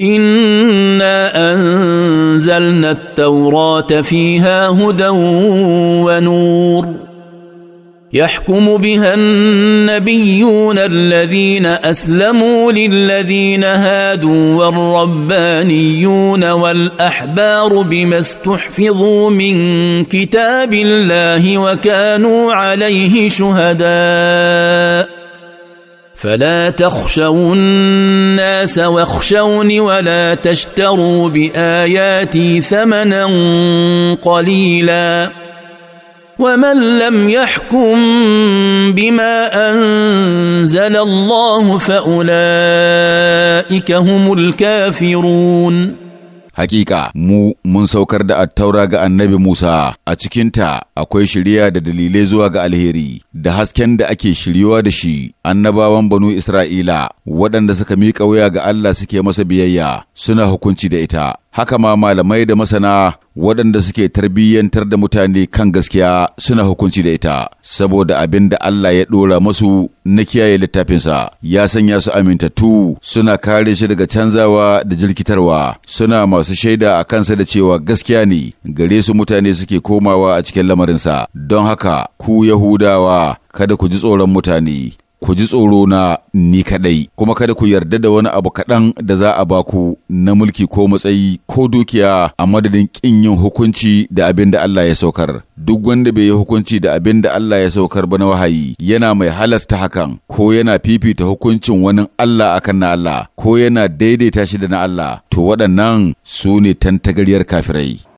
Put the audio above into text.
انا انزلنا التوراه فيها هدى ونور يحكم بها النبيون الذين اسلموا للذين هادوا والربانيون والاحبار بما استحفظوا من كتاب الله وكانوا عليه شهداء فلا تخشوا الناس واخشوني ولا تشتروا باياتي ثمنا قليلا ومن لم يحكم بما انزل الله فاولئك هم الكافرون Hakika mu mun saukar da attaura ga annabi Musa a cikinta akwai shirya da dalilai zuwa ga alheri da hasken da ake shiryuwa da shi annabawan banu Isra'ila waɗanda suka miƙa wuya ga Allah suke masa biyayya suna hukunci da ita haka ma malamai da masana waɗanda suke tarbiyyantar da mutane kan gaskiya suna hukunci da ita, saboda abin da Allah ya ɗora masu na kiyaye littafinsa, ya sanya su amintattu suna kare shi daga canzawa da jirkitarwa, suna masu shaida a kansa da cewa gaskiya ne, gare su mutane suke komawa a cikin lamarinsa, don haka ku Yahudawa kada ku ji tsoron mutane. ku ji tsoro na ni kaɗai, kuma kada ku yarda da wani abu kaɗan da za a ba ku na mulki ko matsayi ko dukiya a madadin ƙin yin hukunci da abin da Allah ya saukar. Duk wanda bai yi hukunci da abin da Allah ya saukar ba na wahayi yana mai halasta hakan ko yana fifita hukuncin wani Allah akan na Allah ko yana daidaita shi da na Allah to waɗannan su ne tantagaryar kafirai.